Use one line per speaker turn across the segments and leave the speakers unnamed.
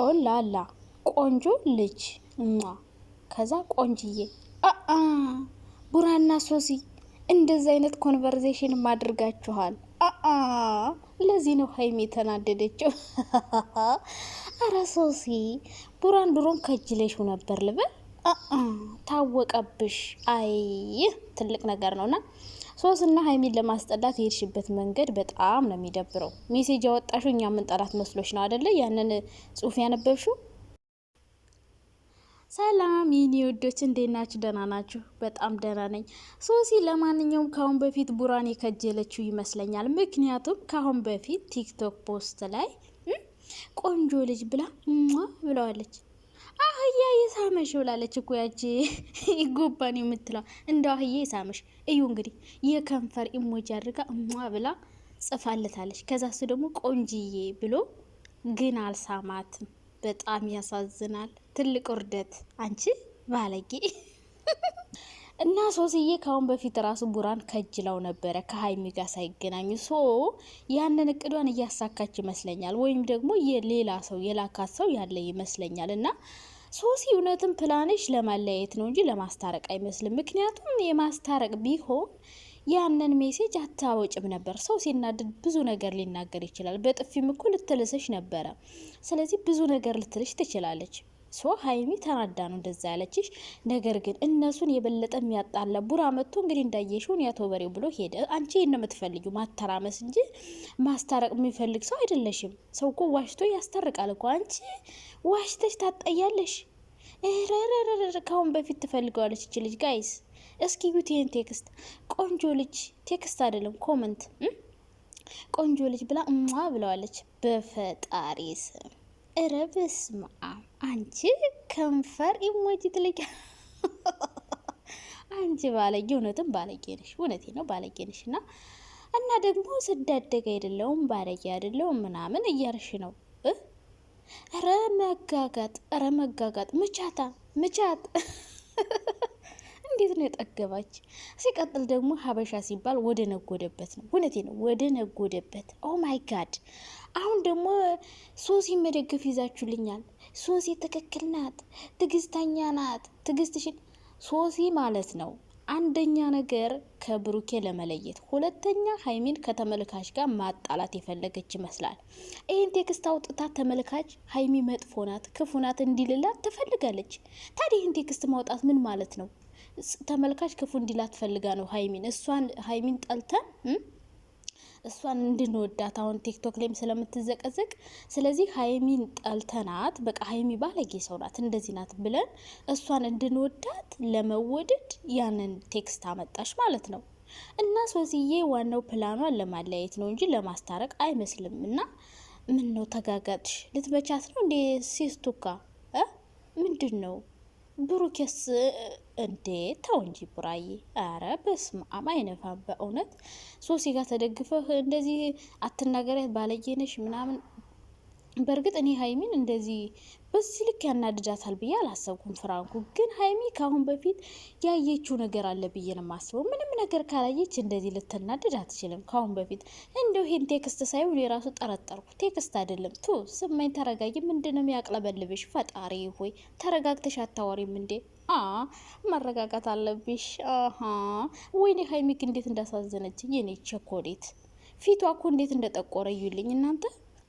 ኦላላ ቆንጆ ልጅ እማ ከዛ ቆንጅዬ አአ ቡራና ሶሲ እንደዚህ አይነት ኮንቨርዜሽን ማድርጋችኋል። አአ ለዚህ ነው ሀይሚ የተናደደችው። አረ ሶሲ ቡራን ድሮን ከጅለሽው ነበር ልበል። አአ ታወቀብሽ። አይ ትልቅ ነገር ነውና ሶስና ሀይሚን ለማስጠላት የሄድሽበት መንገድ በጣም ነው የሚደብረው። ሜሴጅ ያወጣሹ እኛ ምን ጠላት መስሎች ነው አደለ? ያንን ጽሁፍ ያነበብሹ ሰላም ይህን የወዶች እንዴት ናችሁ? ደህና ናችሁ? በጣም ደህና ነኝ። ሶሲ ለማንኛውም ከአሁን በፊት ቡራን የከጀለችው ይመስለኛል። ምክንያቱም ከአሁን በፊት ቲክቶክ ፖስት ላይ ቆንጆ ልጅ ብላ ብለዋለች አህያ የሳመሽ ብላለች እኮ ያቺ ይጎባን የምትለው እንደው አህያ የሳመሽ እዩ። እንግዲህ የከንፈር ኢሞጂ አድርጋ እሟ ብላ ጽፋለታለች። ከዛ እሱ ደግሞ ቆንጅዬ ብሎ ግን አልሳማትም። በጣም ያሳዝናል። ትልቅ ውርደት። አንቺ ባለጌ እና ሶስዬ ከአሁን በፊት ራሱ ቡራን ከጅላው ነበረ ከሀይሚ ጋር ሳይገናኙ ሶ ያንን እቅዷን እያሳካች ይመስለኛል። ወይም ደግሞ የሌላ ሰው የላካት ሰው ያለ ይመስለኛል እና ሶሲ እውነትም ፕላንሽ ለማለያየት ነው እንጂ ለማስታረቅ አይመስልም። ምክንያቱም የማስታረቅ ቢሆን ያንን ሜሴጅ አታወጭም ነበር። ሰው ሲናደድ ብዙ ነገር ሊናገር ይችላል። በጥፊም እኮ ልትልስሽ ነበረ። ስለዚህ ብዙ ነገር ልትልሽ ትችላለች። ሶ ሀይሚ ተናዳ ነው እንደዛ ያለችሽ። ነገር ግን እነሱን የበለጠ የሚያጣላ ቡራ መጥቶ እንግዲህ እንዳየሽውን ያቶ በሬው ብሎ ሄደ። አንቺ ይህን የምትፈልጊው ማተራመስ እንጂ ማስታረቅ የሚፈልግ ሰው አይደለሽም። ሰው እኮ ዋሽቶ ያስታርቃል እኮ። አንቺ ዋሽተሽ ታጠያለሽ። ረረረረ ካሁን በፊት ትፈልገዋለች እች ልጅ። ጋይስ እስኪ ዩቴን ቴክስት ቆንጆ ልጅ ቴክስት አይደለም ኮመንት ቆንጆ ልጅ ብላ እማ ብለዋለች። በፈጣሪ ስም ረብስማ አንቺ ከንፈር ኢሞጂ ትልቅ አንቺ ባለጌ፣ እውነትም ባለጌ ነሽ። እውነቴ ነው ባለጌ ነሽ። እና እና ደግሞ ስዳደግ አይደለውም ባለጌ አይደለውም ምናምን እያልሽ ነው። ኧረ መጋጋጥ፣ ኧረ መጋጋጥ። ምቻታ ምቻት እንዴት ነው የጠገባች? ሲቀጥል ደግሞ ሀበሻ ሲባል ወደ ነጎደበት ነው። እውነቴ ነው ወደ ነጎደበት። ኦ ማይ ጋድ! አሁን ደግሞ ሶሲ መደገፍ ይዛችሁልኛል። ሶሲ ትክክል ናት። ትግስተኛ ናት። ትዕግስትሽን ሶሲ ማለት ነው። አንደኛ ነገር ከብሩኬ ለመለየት፣ ሁለተኛ ሀይሚን ከተመልካች ጋር ማጣላት የፈለገች ይመስላል። ይህን ቴክስት አውጥታ ተመልካች ሀይሚ መጥፎ ናት፣ ክፉ ናት እንዲልላት ትፈልጋለች። ታዲያ ይህን ቴክስት ማውጣት ምን ማለት ነው? ተመልካች ክፉ እንዲላት ፈልጋ ነው ሀይሚን እሷን ሀይሚን ጠልተን እሷን እንድንወዳት አሁን ቲክቶክ ላይም ስለምትዘቀዘቅ፣ ስለዚህ ሀይሚን ጠልተናት በቃ ሀይሚ ባለጌ ሰው ናት እንደዚህ ናት ብለን እሷን እንድንወዳት ለመወደድ ያንን ቴክስት አመጣሽ ማለት ነው። እና ሶስዬ ዋናው ፕላኗን ለማለያየት ነው እንጂ ለማስታረቅ አይመስልም። እና ምን ነው ተጋጋጥሽ? ልትመቻት ነው እንዴ? ሲስቱካ ምንድን ነው ብሩኬስ እንዴት ተው እንጂ ቡራዬ፣ አረ በስመ አብ አይነፋም። በእውነት ሶሲ ጋር ተደግፈህ እንደዚህ አትናገሪያት ባለጌ ነሽ ምናምን በእርግጥ እኔ ሀይሚን እንደዚህ በዚህ ልክ ያናድዳታል ብዬ አላሰብኩም። ፍራንኩ ግን ሀይሚ ከአሁን በፊት ያየችው ነገር አለ ብዬ ነው የማስበው። ምንም ነገር ካላየች እንደዚህ ልትናድድ አትችልም። ከአሁን በፊት እንደው ይሄን ቴክስት ሳይሆን ራሱ ጠረጠርኩ። ቴክስት አይደለም ቶ ስመኝ ተረጋጊ። ምንድነው ያቅለበልብሽ? ፈጣሪ ሆይ ተረጋግተሽ አታወሪም እንዴ? አ መረጋጋት አለብሽ። ወይኔ ሀይሚ እንዴት እንዳሳዘነችኝ የኔ ቸኮሌት ፊቷ እኮ እንዴት እንደጠቆረ እዩልኝ እናንተ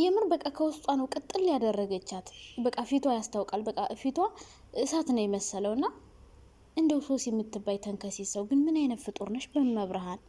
የምር በቃ ከውስጧ ነው ቅጥል ያደረገቻት። በቃ ፊቷ ያስታውቃል። በቃ ፊቷ እሳት ነው የመሰለው ና እንደው ሶስ የምትባይ ተንከሴ ሰው ግን ምን አይነት ፍጡር ነሽ? በመብርሃን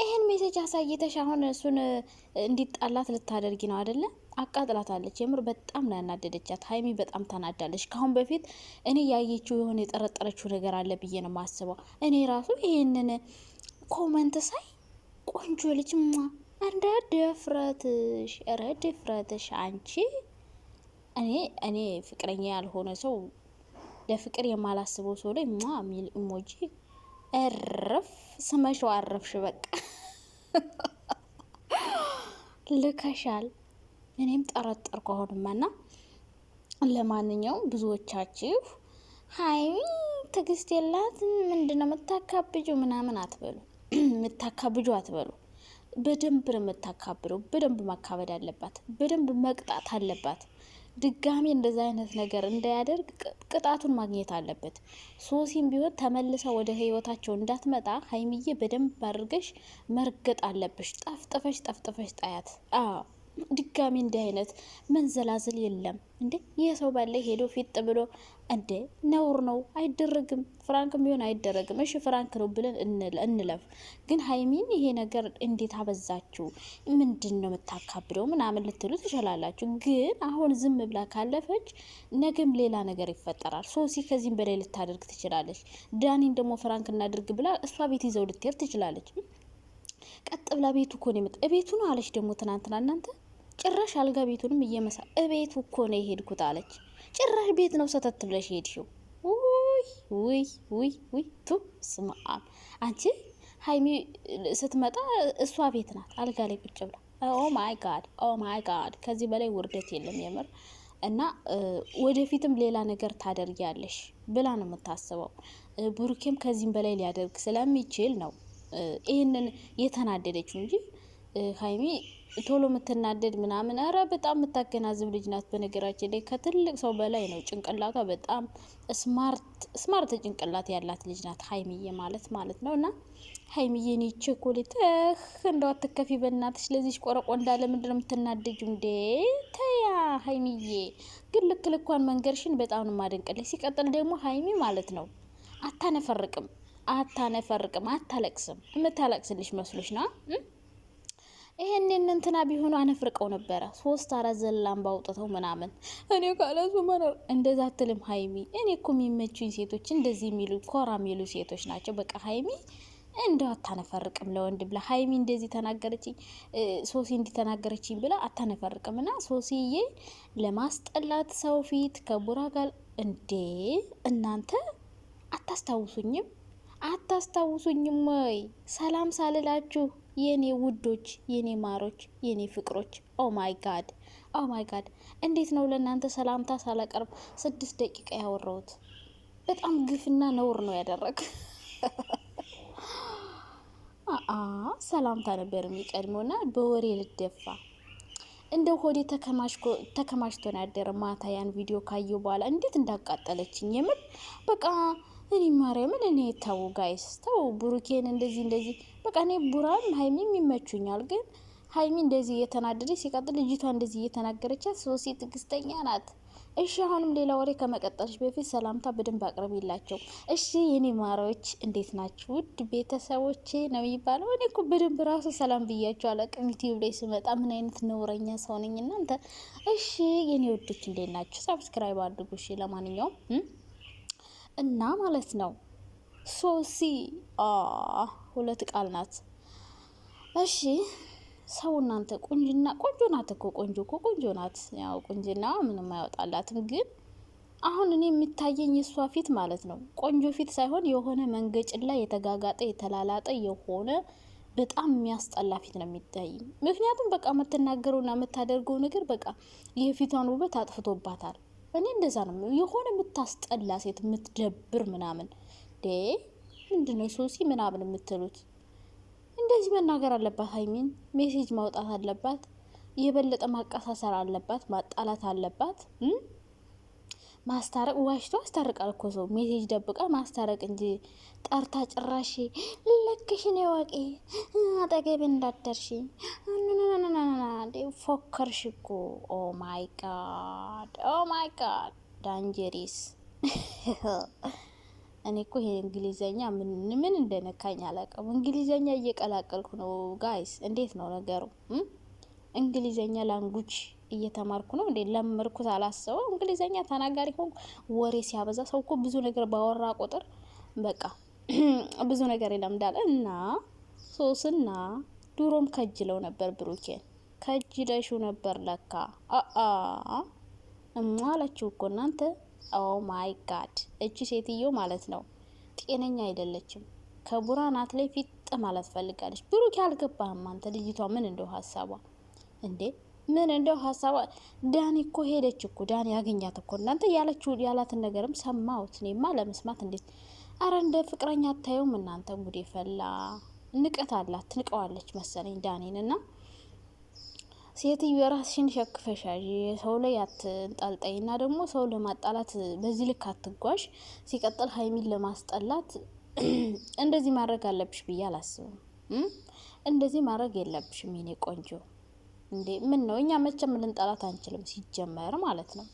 ይህን ሜሴጅ አሳይተሽ አሁን እሱን እንዲጣላት ልታደርጊ ነው አደለ? አቃጥላታለች። የምር በጣም ነው ያናደደቻት። ሀይሚ በጣም ተናዳለች። ከአሁን በፊት እኔ ያየችው የሆነ የጠረጠረችው ነገር አለ ብዬ ነው ማስበው እኔ ራሱ ይህንን ኮመንት ሳይ ቆንጆ ልጅ እንደ ድፍረትሽ ኧረ ድፍረትሽ አንቺ እኔ እኔ ፍቅረኛ ያልሆነ ሰው ለፍቅር የማላስበው ሰው ላይ ማ ሚል ኢሞጂ እረፍ ስመሸው አረፍሽ። በቃ ልከሻል። እኔም ጠረጠርኩ አሁንማ። እና ለማንኛውም ብዙዎቻችሁ ሀይ ትግስት የላት ምንድነው የምታካብጁ ምናምን አትበሉ፣ የምታካብጁ አትበሉ በደንብ ነው የምታካብረው። በደንብ ማካበድ አለባት። በደንብ መቅጣት አለባት። ድጋሚ እንደዛ አይነት ነገር እንዳያደርግ ቅጣቱን ማግኘት አለበት። ሶሲም ቢሆን ተመልሰ ወደ ህይወታቸው እንዳትመጣ ሀይሚዬ በደንብ አድርገሽ መርገጥ አለብሽ። ጠፍጥፈሽ ጠፍጥፈሽ ጣያት። ድጋሚ እንዲህ አይነት መንዘላዘል የለም እንዴ! ይህ ሰው ባለ ሄዶ ፊጥ ብሎ እንዴ ነውር ነው፣ አይደረግም። ፍራንክ ቢሆን አይደረግም። እሺ ፍራንክ ነው ብለን እንለፍ። ግን ሀይሚን ይሄ ነገር እንዴት አበዛችው? ምንድን ነው የምታካብደው? ምናምን ልትሉ ትችላላችሁ። ግን አሁን ዝም ብላ ካለፈች ነገም ሌላ ነገር ይፈጠራል። ሶሲ ከዚህም በላይ ልታደርግ ትችላለች። ዳኒን ደግሞ ፍራንክ እናድርግ ብላ እሷ ቤት ይዘው ልትሄድ ትችላለች። ቀጥ ብላ ቤቱ እኮ ነው የምት ቤቱ ነው አለች ደግሞ ትናንትና እናንተ ጭራሽ አልጋ ቤቱንም እየመሳ እቤት እኮ ነው የሄድኩት አለች። ጭራሽ ቤት ነው ሰተት ብለሽ ሄድሽው። ውይ ውይ ውይ ውይ ቱ ስማ አንቺ ሀይሚ ስትመጣ እሷ ቤት ናት አልጋ ላይ ቁጭ ብላ። ኦ ማይ ጋድ ኦ ማይ ጋድ። ከዚህ በላይ ውርደት የለም የምር እና ወደፊትም ሌላ ነገር ታደርጊያለሽ ብላ ነው የምታስበው። ብሩኬም ከዚህም በላይ ሊያደርግ ስለሚችል ነው ይህንን የተናደደችው እንጂ ሀይሚ ቶሎ የምትናደድ ምናምን፣ ኧረ በጣም የምታገናዝብ ልጅ ናት። በነገራችን ላይ ከትልቅ ሰው በላይ ነው ጭንቅላቷ። በጣም ስማርት ስማርት ጭንቅላት ያላት ልጅ ናት ሀይሚዬ ማለት ማለት ነው። እና ሀይሚዬ እኔ ቸኮሌት እንደው አትከፊ በእናትሽ። ለዚች ቆረቆ እንዳለ ምንድን ነው የምትናደጁ እንዴ? ተያ ሀይሚዬ ግን ልክ ልኳን መንገርሽን በጣም ነው የማደንቅልሽ። ሲቀጥል ደግሞ ሀይሚ ማለት ነው አታነፈርቅም፣ አታነፈርቅም፣ አታለቅስም። የምታለቅስልሽ መስሎች ና ይሄን እንትና ቢሆኑ አነፍርቀው ነበረ። ሶስት አራት ዘላን ባውጥተው ምናምን እኔ ካለሱ መኖር እንደዛ አትልም ሀይሚ። እኔ እኮ የሚመቹኝ ሴቶች እንደዚህ የሚሉ ኮራ የሚሉ ሴቶች ናቸው። በቃ ሀይሚ እንደው አታነፈርቅም ለወንድ ብላ ሀይሚ እንደዚህ ተናገረችኝ፣ ሶሲ እንዲተናገረችኝ ብላ አታነፈርቅም። እና ሶሲዬ ለማስጠላት ሰው ፊት ከቡራ ጋር እንዴ እናንተ አታስታውሱኝም? አታስታውሱኝም ወይ ሰላም ሳልላችሁ የኔ ውዶች፣ የኔ ማሮች፣ የኔ ፍቅሮች ኦ ማይ ጋድ ኦ ማይ ጋድ! እንዴት ነው ለእናንተ ሰላምታ ሳላቀርብ ስድስት ደቂቃ ያወራሁት? በጣም ግፍና ነውር ነው ያደረግ። ሰላምታ ነበር የሚቀድመውና በወሬ ልደፋ እንደው ሆዴ ተከማችቶ ያደረ። ማታ ያን ቪዲዮ ካየው በኋላ እንዴት እንዳቃጠለችኝ የምር በቃ እኔ ማርያምን እኔ ተው ጋይስ ተው ብሩኬን እንደዚህ እንደዚህ በቃ እኔ ቡራም ሀይሚም ይመቹኛል። ግን ሀይሚ እንደዚህ እየተናደደች ሲቀጥል ልጅቷ እንደዚህ እየተናገረቻት ሶሲ ትዕግስተኛ ናት። እሺ አሁንም ሌላ ወሬ ከመቀጠልሽ በፊት ሰላምታ በደንብ አቅርቢላቸው እሺ። የኔ ማሪዎች እንዴት ናችሁ? ውድ ቤተሰቦቼ ነው የሚባለው። እኔ እኮ በደንብ ራሱ ሰላም ብያቸው አላቅም። ዩቲዩብ ላይ ስመጣ ምን አይነት ነውረኛ ሰው ነኝ እናንተ። እሺ የኔ ውዶች እንዴት ናችሁ? ሳብስክራይብ አድርጉ። እሺ ለማንኛውም እና ማለት ነው ሶሲ ሁለት ቃል ናት። እሺ ሰው እናንተ ቁንጅና ቆንጆ ናት እኮ ቆንጆ እኮ ቆንጆ ናት። ያው ቁንጅና ምንም አያወጣላትም። ግን አሁን እኔ የሚታየኝ የእሷ ፊት ማለት ነው ቆንጆ ፊት ሳይሆን የሆነ ላይ የተጋጋጠ የተላላጠ የሆነ በጣም የሚያስጠላ ፊት ነው የሚታይ። ምክንያቱም በቃ የምትናገረውና የምታደርገው ነገር በቃ የፊቷን ውበት አጥፍቶባታል። እኔ እንደዛ ነው የሆነ የምታስጠላ ሴት የምትደብር ምናምን ዴ ምንድነው ሶሲ ምናምን የምትሉት እንደዚህ መናገር አለባት። ሀይሚን ሜሴጅ ማውጣት አለባት። የበለጠ ማቀሳሰር አለባት። ማጣላት አለባት። ማስታረቅ ዋሽቶ አስታርቃል እኮ ሰው ሜሴጅ ደብቃ ማስታረቅ እንጂ ጠርታ ጭራሽ ልክሽን የዋቂ አጠገብ እንዳደርሽ ፎከርሽ እኮ ኦ ማይ ጋድ ኦ ማይ ጋድ ዳንጀሪስ እኔ እኮ ይሄ እንግሊዘኛ ምን እንደነካኝ አላውቅም። እንግሊዘኛ እየቀላቀልኩ ነው ጋይስ። እንዴት ነው ነገሩ? እንግሊዘኛ ላንጉጅ እየተማርኩ ነው እንዴ ለምርኩት አላሰበው እንግሊዘኛ ተናጋሪ ሆንኩ። ወሬ ሲያበዛ ሰው እኮ ብዙ ነገር ባወራ ቁጥር በቃ ብዙ ነገር ይለምዳል። እና ሶስና ድሮም ከጅለው ነበር ብሩኬን ከጅለሹ ነበር ለካ እማ አላችሁ እኮ እናንተ። ኦ ማይ ጋድ እቺ ሴትዮ ማለት ነው ጤነኛ አይደለችም። ከቡራ ናት ላይ ፊጥ ማለት ፈልጋለች። ብሩኬ አልገባህም አንተ ልጅቷ ምን እንደው ሀሳቧ እንዴ ምን እንደው ሀሳብ ዳኒ እኮ ሄደች እኮ ዳኒ ያገኛት እኮ እናንተ ያለችው ያላትን ነገርም ሰማሁት። እኔማ ለመስማት እንዴት አረ እንደ ፍቅረኛ አታየውም እናንተ ጉዴ ፈላ። ንቀት አላት ትንቀዋለች መሰለኝ ዳኒን እና ሴትዮ የራስሽን ሸክፈሻዥ ሰው ላይ አትንጠልጠይ እና ደግሞ ሰው ለማጣላት በዚህ ልክ አትጓዥ። ሲቀጥል ሀይሚን ለማስጠላት እንደዚህ ማድረግ አለብሽ ብዬ አላስብም። እንደዚህ ማድረግ የለብሽም የኔ ቆንጆ እንዴ ምን ነው እኛ መቼም ልንጠላት አንችልም ሲጀመር ማለት ነው።